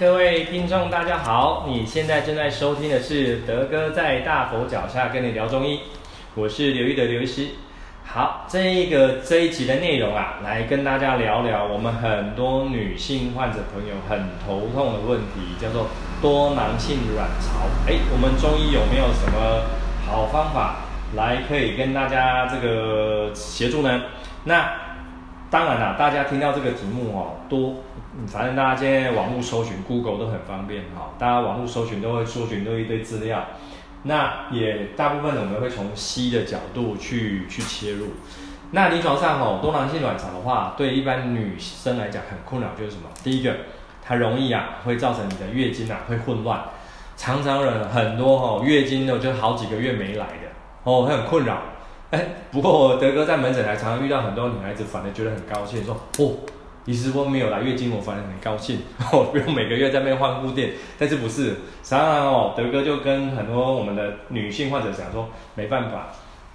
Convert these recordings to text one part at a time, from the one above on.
各位聽眾，大家好！你現在正在收聽的是德哥在大佛腳下跟你聊中醫，我是劉玉德劉醫師。好，這一個這一集的內容啊，來跟大家聊聊我們很多女性患者朋友很頭痛的問題，叫做多囊性卵巢。哎，我們中醫有沒有什麼好方法來可以跟大家這個協助呢？那當然啦、啊，大家聽到這個題目哦，都反正大家現在網絡搜尋，Google 都很方便哈、哦，大家網絡搜尋都會搜尋到一堆資料。那也大部分的我們會從西醫的角度去去切入。那臨床上哦，多囊性卵巢的話，對一般女生來講很困擾就是什麼？第一個，它容易啊，會造成你的月經吶、啊、會混亂，常常人很多哦，月經都就好幾個月沒來的哦，很困擾。哎，不過德哥在門診還常常遇到很多女孩子，反而覺得很高興，說哦，醫師啊，沒有來月經，我反而很高興，我不用每個月在那邊換護墊。但是不是？常常哦，德哥就跟很多我們的女性患者講說，沒辦法，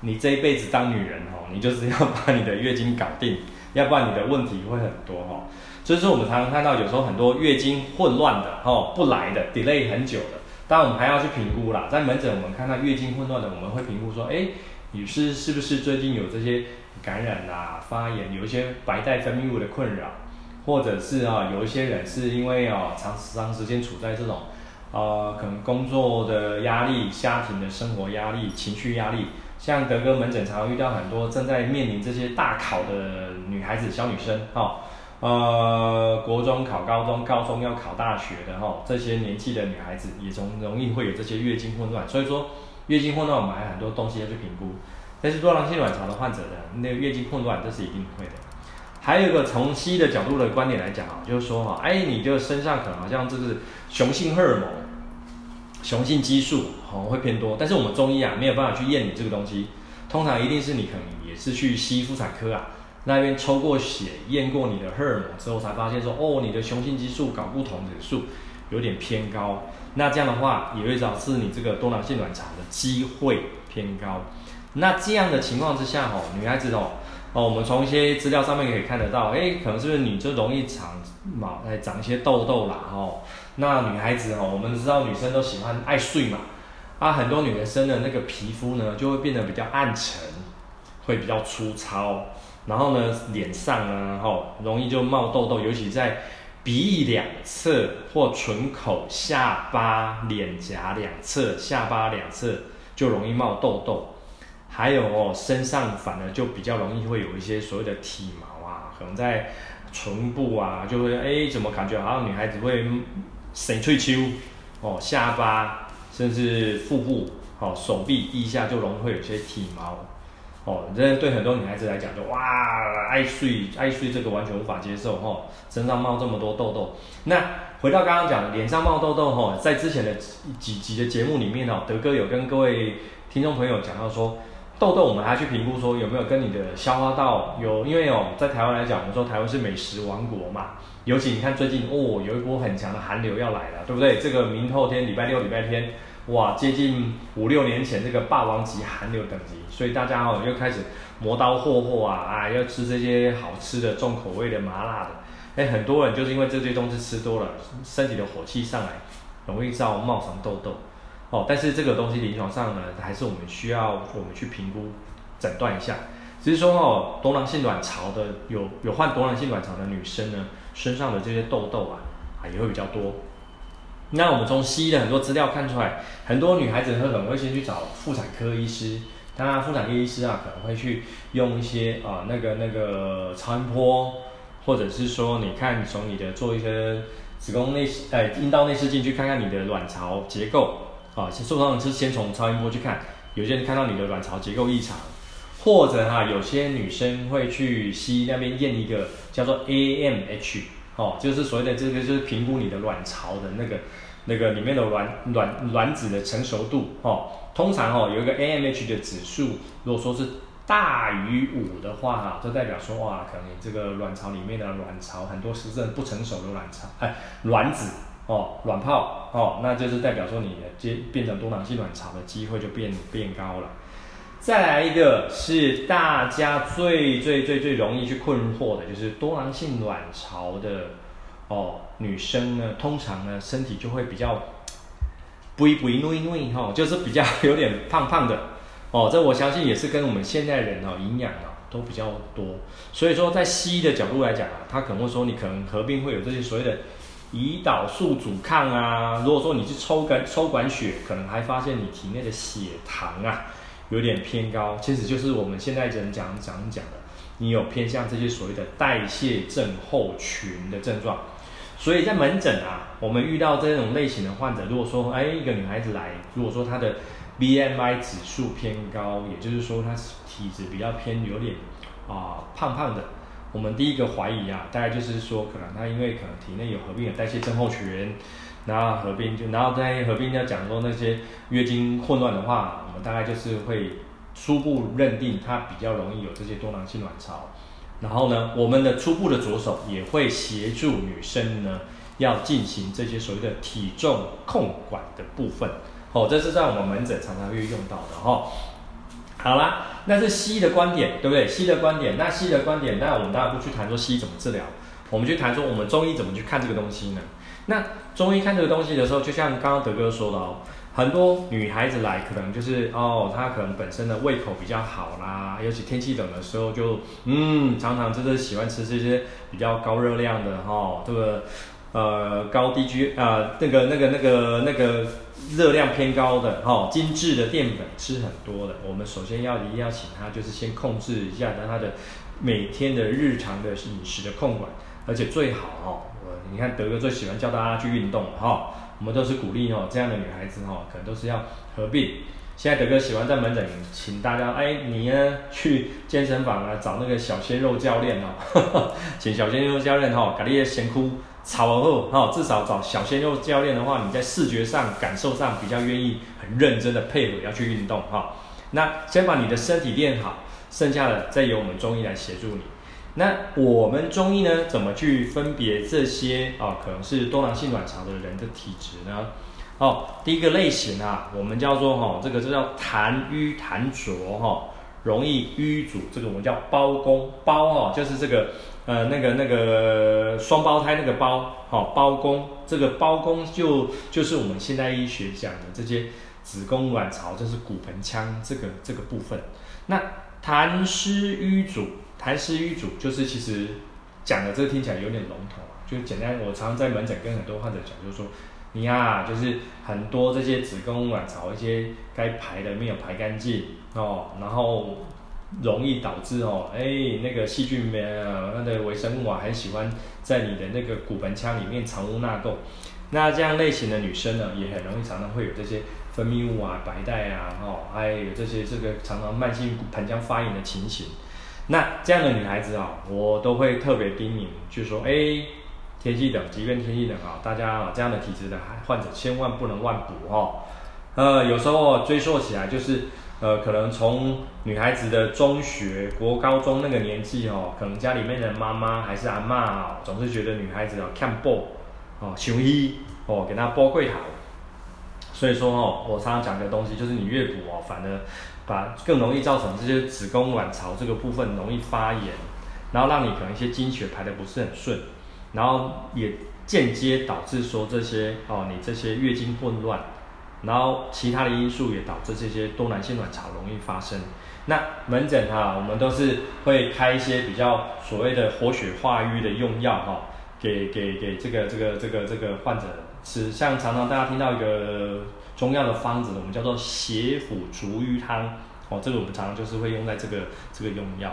你這一輩子當女人哦，你就是要把你的月經搞定，要不然你的問題會很多哦。所以說我們常常看到有時候很多月經混亂的哦，不來的 delay 很久的，當然我們還要去評估啦，在門診我們看到月經混亂的，我們會評估說，哎。女士是不是最近有這些感染吶、啊、發炎，有一些白帶分泌物的困擾，或者是啊，有一些人是因為啊，長長時間處在這種，呃，可能工作的壓力、家庭的生活壓力、情緒壓力，像德哥門診常遇到很多正在面臨這些大考的女孩子、小女生，哈、哦，呃，國中考、高中、高中要考大學的哈、哦，這些年紀的女孩子也從容易會有這些月經混亂，所以說。月經混亂，我們還很多東西要去評估。但是多囊性卵巢的患者的那個、月經混亂，這是一定不會的。還有一個從西醫的角度的觀點來講啊，就是說哈，哎，你就身上可能好像就是雄性荷爾蒙、雄性激素哈、哦、會偏多，但是我們中醫啊沒有辦法去驗你這個東西。通常一定是你可能也是去西婦產科啊那邊抽過血驗過你的荷爾蒙之後，才發現說哦，你的雄性激素搞不同的數，有點偏高，那這樣的話也會導致你這個多囊性卵巢的機會偏高。那這樣的情況之下吼，女孩子哦，我們從一些資料上面也可以看得到，哎，欸，可能是不是你就容易長毛，哎，長一些痘痘啦吼，哦。那女孩子吼，我們知道女生都喜歡愛睡嘛，啊，很多女生的那個皮膚呢就會變得比較暗沉，會比較粗糙，然後呢臉上呢，哦，容易就冒痘痘，尤其在鼻翼兩側或唇口、下巴、臉頰兩側、下巴兩側就容易冒痘痘，還有哦，身上反而就比較容易會有一些所謂的體毛啊，可能在唇部啊，就會哎，怎麼感覺好像女孩子會生翠丘哦，下巴甚至腹部哦，手臂腋下就容易會有些體毛。哦，這對很多女孩子來講就，就哇，愛水愛水這個完全無法接受哈、哦，身上冒這麼多痘痘。那回到剛剛講臉上冒痘痘哈、哦，在之前的幾幾集的節目裡面哈、哦，德哥有跟各位聽眾朋友講到說，痘痘我們還要去評估說有沒有跟你的消化道有，因為哦，在台灣來講，我們說台灣是美食王國嘛，尤其你看最近哦，有一股很強的寒流要來了，對不對？這個明後天禮拜六禮拜天。哇，接近五六年前這個霸王級寒流等級，所以大家哦又開始磨刀霍霍啊啊，要吃這些好吃的重口味的麻辣的。欸，很多人就是因為這些東西吃多了，身體的火氣上來，容易燥，冒上痘痘。哦，但是這個東西臨床上呢，還是我們需要我們去評估診斷一下。只是說哦，多囊性卵巢的有有患多囊性卵巢的女生呢，身上的這些痘痘啊啊也會比較多。那我們從西醫的很多資料看出來，很多女孩子她可能會先去找婦產科醫師，當然婦產科醫師啊可能會去用一些啊、呃、那個那個超音波，或者是說你看從你的做一些子宮內呃陰道內視鏡去看看你的卵巢結構啊，通常就是先從超音波去看，有些人看到你的卵巢結構異常，或者哈、啊、有些女生會去西醫那邊驗一個叫做 AMH。哦，就是所謂的這個，就是評估你的卵巢的那個、那個裡面的卵卵卵子的成熟度。哦，通常哦，有一個 AMH 的指數，如果說是大於五的話，哈、啊，就代表說哇，可能這個卵巢裡面的卵巢很多實質不成熟的卵巢，哎，卵子，哦，卵泡，哦，那就是代表說你的變變成多囊性卵巢的機會就變變高了。再來一個，是大家最最最最容易去困惑的，就是多囊性卵巢的。哦，女生呢，通常呢，身體就會比較不不勻、不勻吼，就是比較有點胖胖的哦。這我相信也是跟我們現代人哦，營養啊都比較多，所以說在西醫的角度來講啊，他可能會說你可能合併會有這些所謂的胰島素阻抗啊。如果說你去抽管抽管血，可能還發現你體內的血糖啊。有點偏高，其實就是我們現在人講講講的，你有偏向這些所謂的代謝症候群的症狀，所以在門診啊，我們遇到這種類型的患者，如果說哎一個女孩子來，如果說她的 BMI 指數偏高，也就是說她體質比較偏有點啊、呃、胖胖的，我們第一個懷疑啊，大概就是說可能她因為可能體內有合併的代謝症候群。然後合併就，然後在合併要講說那些月經混亂的話，我們大概就是會初步認定它比較容易有這些多囊性卵巢。然後呢，我們的初步的着手也會協助女生呢，要進行這些所謂的體重控管的部分。哦，這是在我們門診常常會用到的哈、哦。好啦，那是西醫的觀點，對不對？西醫的觀點，那西醫的觀點，那我們當然不去談說西醫怎麼治療，我們去談說我們中醫怎麼去看這個東西呢？那中醫看這個東西的時候，就像剛剛德哥說的哦，很多女孩子來可能就是哦，她可能本身的胃口比較好啦，尤其天氣冷的時候就嗯，常常就是喜歡吃這些比較高熱量的哈、哦，這個呃高低聚呃那個那個那個那個熱量偏高的哈、哦，精致的澱粉吃很多的，我們首先要一定要請她就是先控制一下，讓她的每天的日常的飲食的控管，而且最好哦。你看德哥最喜歡叫大家去運動哈、哦，我們都是鼓勵哦，這樣的女孩子哦，可能都是要合併。現在德哥喜歡在門診，請大家，哎，你呢去健身房啊，找那個小鮮肉教練哦呵呵，請小鮮肉教練哈，搞那些鹹哭操哦，哈、哦，至少找小鮮肉教練的話，你在視覺上、感受上比較願意，很認真的配合要去運動哈、哦。那先把你的身體練好，剩下的再由我們中醫來協助你。那我們中醫呢，怎麼去分別這些啊、哦？可能是多囊性卵巢的人的體質呢？哦，第一個類型啊，我們叫做哈、哦，這個就叫痰瘀痰濁哈、哦，容易瘀阻。這個我們叫胞宮胞哈、哦，就是這個呃那個那個雙胞胎那個胞哈、哦，胞宮。這個胞宮就就是我們現代醫學講的這些子宮卵巢，就是骨盆腔這個這個部分。那痰濕瘀阻。痰濕瘀阻，就是其實講的這個聽起來有點籠統啊，就簡單，我常常在門診跟很多患者講，就是說你呀、啊，就是很多這些子宮卵、啊、巢一些該排的沒有排乾淨哦，然後容易導致哦，哎那個細菌有、啊，那個微生物啊，很喜歡在你的那個骨盆腔裡面藏污納垢，那這樣類型的女生呢，也很容易常常會有這些分泌物啊、白帶啊哦，還、哎、有這些這個常常慢性盆腔發炎的情形。那這樣的女孩子啊、哦，我都會特別叮嚀，就說：哎、欸，天氣冷，即便天氣冷啊、哦，大家、哦、這樣的體質的患者千萬不能亂補哈。呃，有時候、哦、追溯起來，就是呃，可能從女孩子的中學、國高中那個年紀哦，可能家裡面的媽媽還是阿嬤哦，總是覺得女孩子啊，看布哦、球衣哦，哦，給她剝貴頭。所以說哦，我常常講的東西就是，你越補哦，反而。把更容易造成這些子宮卵巢這個部分容易發炎，然後讓你可能一些經血排得不是很順，然後也間接導致說這些哦，你這些月經混亂，然後其他的因素也導致這些多囊性卵巢容易發生。那門診哈、啊，我們都是會開一些比較所謂的活血化瘀的用藥哈、哦，給給給這個這個這個這個患者吃，像常常大家聽到一個中藥的方子我們叫做血府逐瘀湯哦，這個我們常常就是會用在這個這個用藥。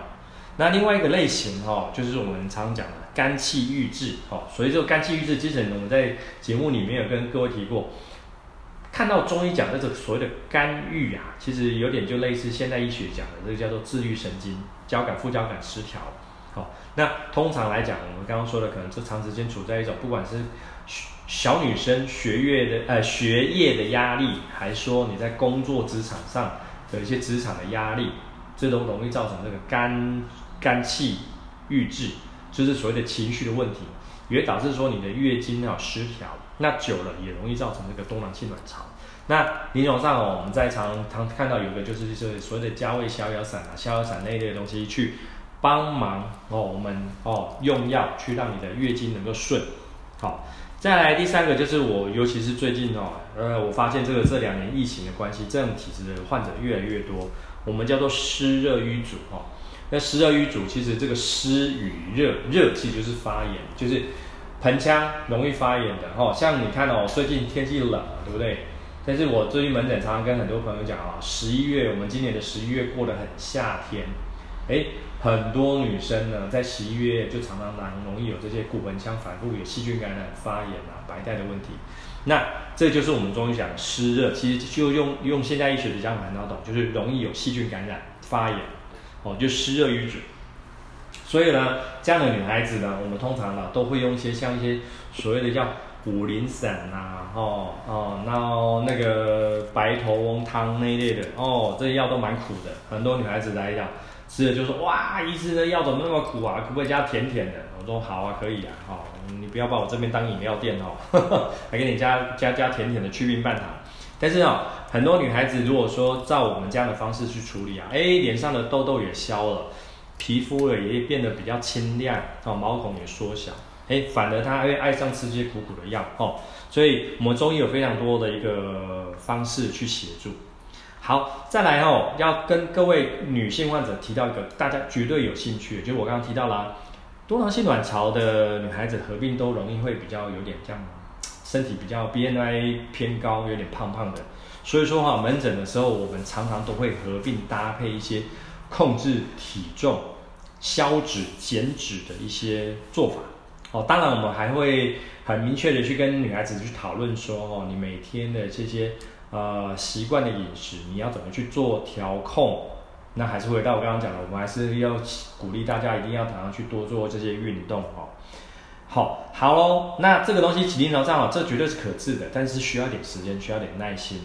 那另外一個類型哦，就是我們常常講的肝氣鬱滯哦，所以這個肝氣鬱滯之前，其實我們在節目裡面有跟各位提過，看到中醫講的這個所謂的肝鬱啊，其實有點就類似現代醫學講的這個叫做自律神經交感副交感失調。好、哦，那通常來講，我們剛剛說的可能就長時間處在一種不管是小女生學業的呃學業的壓力，還說你在工作職場上有一些職場的壓力，這都容易造成這個肝肝氣鬱滯，就是所謂的情緒的問題，也導致說你的月經要失調，那久了也容易造成這個多囊性卵巢。那臨床上哦，我們在常常看到有個就是就是所謂的加味逍遙散啊、逍遙散那一類的東西去幫忙哦，我們哦用藥去讓你的月經能夠順好。哦再來第三個就是我，尤其是最近哦，呃，我發現這個這兩年疫情的關係，這種體質的患者越來越多。我們叫做濕熱瘀阻哈。那濕熱瘀阻，其實這個濕與熱，熱其實就是發炎，就是盆腔容易發炎的哈、哦。像你看到哦，最近天氣冷對不對？但是我最近門診常常跟很多朋友講啊，十一月，我們今年的十一月過得很夏天，誒很多女生呢，在十一月就常常難，容易有這些骨盆腔反覆有細菌感染、發炎啊、白帶的問題。那這就是我們中醫講濕熱，其實就用用現代醫學比較難搞懂，就是容易有細菌感染、發炎，哦，就濕熱瘀阻。所以呢，這樣的女孩子呢，我們通常呢都會用一些像一些所謂的叫五苓散吶、啊，哦哦，然後那個白頭翁湯那類的，哦，這些藥都蠻苦的，很多女孩子來講。吃了就說哇，醫師的藥怎麼那麼苦啊？可不可以加甜甜的？我說好啊，可以啊，哦，你不要把我這邊當飲料店哦，還呵呵給你加加加甜甜的去冰半糖。但是哦，很多女孩子如果說照我們這樣的方式去處理啊，哎，臉上的痘痘也消了，皮膚也變得比較清亮，哦，毛孔也縮小，哎，反而她還會愛上吃這些苦苦的藥哦。所以我們中醫有非常多的一個方式去協助。好，再來哦，要跟各位女性患者提到一個大家絕對有興趣，就是我剛剛提到啦，多囊性卵巢的女孩子合併都容易會比較有點這樣，身體比較 BMI 偏高，有點胖胖的。所以說哈、哦，門診的時候我們常常都會合併搭配一些控制體重、消脂減脂的一些做法哦。當然，我們還會很明確的去跟女孩子去討論說哦，你每天的這些。呃，習慣的飲食，你要怎麼去做調控？那還是回到我剛剛講的，我們還是要鼓勵大家一定要常常去多做這些運動哦。好，好嘍，那這個東西起定能站。好哦，這絕對是可治的，但是需要點時間，需要點耐心。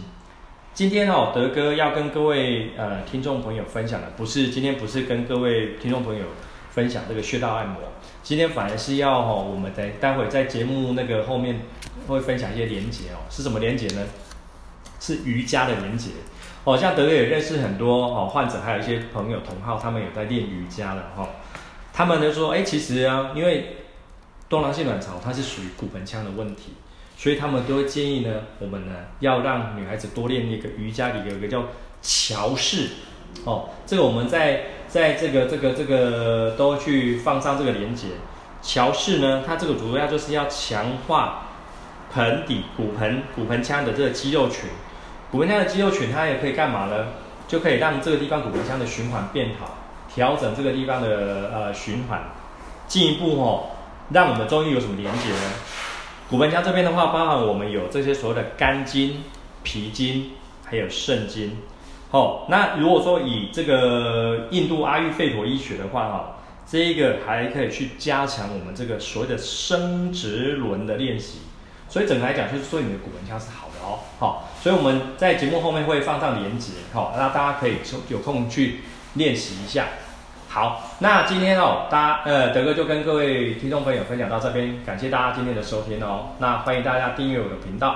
今天哦，德哥要跟各位呃聽眾朋友分享的，不是今天不是跟各位聽眾朋友分享這個穴道按摩，今天反而是要哈、哦，我們在待，待會在節目那個後面會分享一些連結哦，是什麼連結呢？是瑜伽的連接哦，像德哥也認識很多哦患者，還有一些朋友同好，他們有在練瑜伽了哈、哦。他們都說，哎、欸，其實啊，因為多囊性卵巢它是屬於骨盆腔的問題，所以他們都會建議呢，我們呢要讓女孩子多練那個瑜伽裡有一個叫橋式哦，這個我們在在這個這個這個都去放上這個連接橋式呢，它這個主要就是要強化盆底骨盆骨盆腔的這個肌肉群。骨盆腔的肌肉群，它也可以幹嘛呢？就可以讓這個地方骨盆腔的循環變好，調整這個地方的呃循環，進一步哦，讓我們中醫有什麼連接呢？骨盆腔這邊的話，包含我們有這些所謂的肝經、脾經，還有腎經。好、哦，那如果說以這個印度阿育吠陀醫學的話，哈、哦，這一個還可以去加強我們這個所謂的生殖輪的練習。所以整個來講，就是說你的骨盆腔是好的哦，好、哦。所以我們在節目後面會放上連結，好，那大家可以抽有空去練習一下。好，那今天哦，大家呃，德哥就跟各位聽眾朋友分享到這邊，感謝大家今天的收聽哦。那歡迎大家訂閱我的頻道。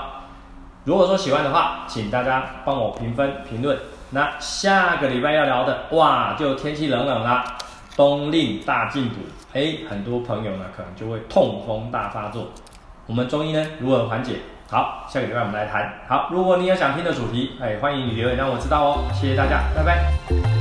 如果說喜歡的話，請大家幫我評分、評論。那下個禮拜要聊的，哇，就天氣冷冷啦，冬令大進補，哎，很多朋友呢可能就會痛風大發作。我們中醫呢如何緩解？好，下個禮拜我們來談。好，如果你有想聽的主題，哎，歡迎你留言讓我知道哦。謝謝大家，拜拜。